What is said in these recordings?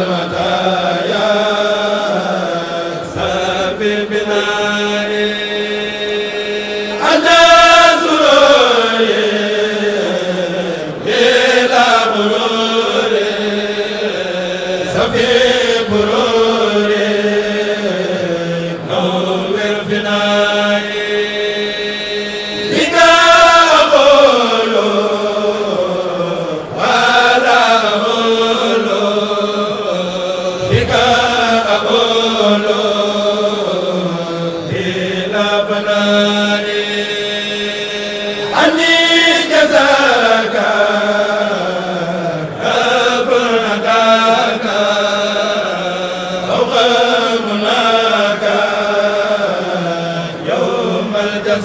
salmata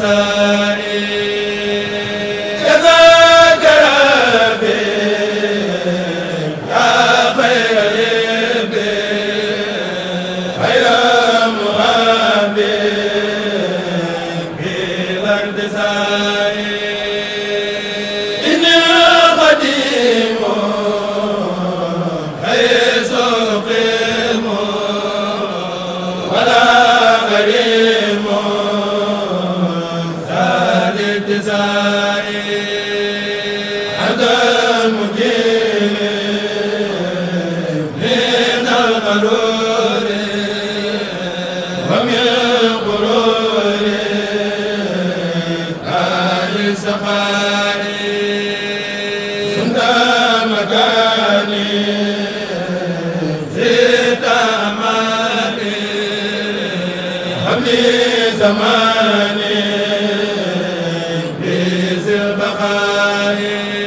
la الله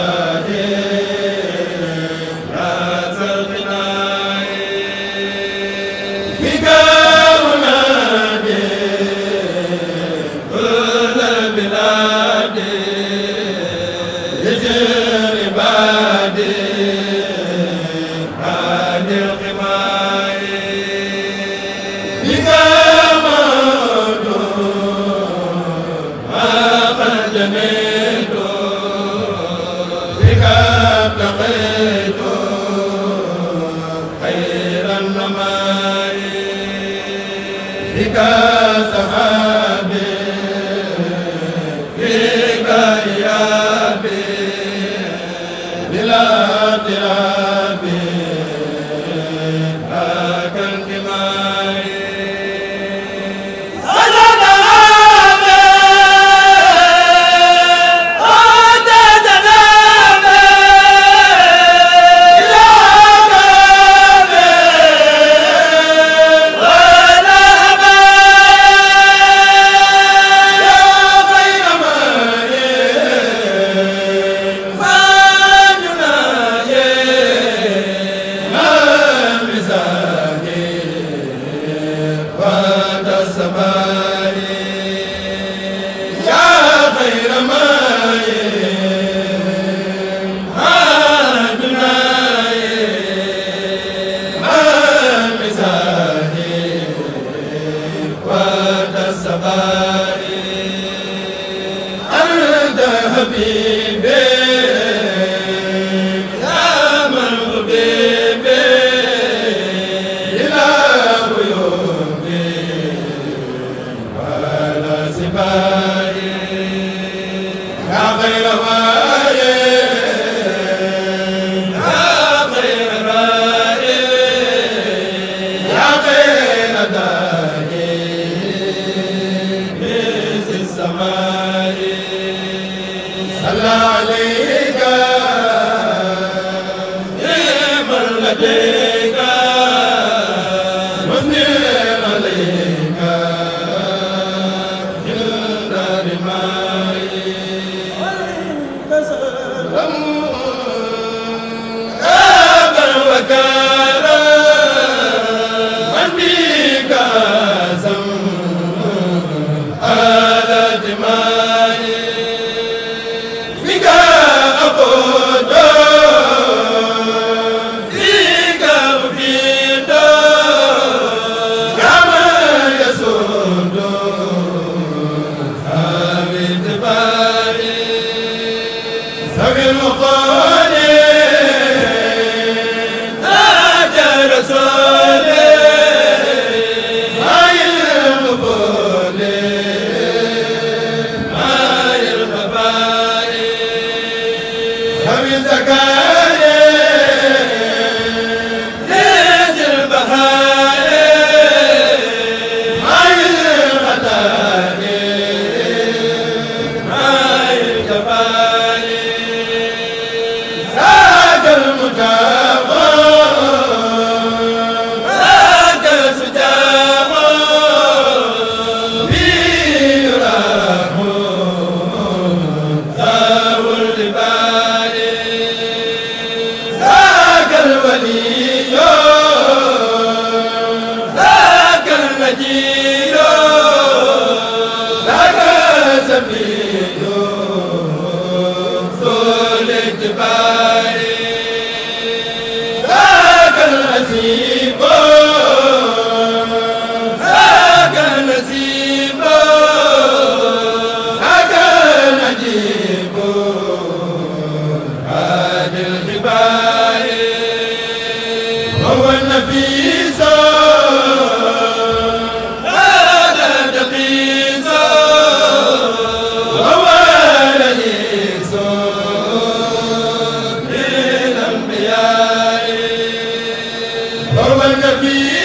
la Sallallahu alayka الكفيل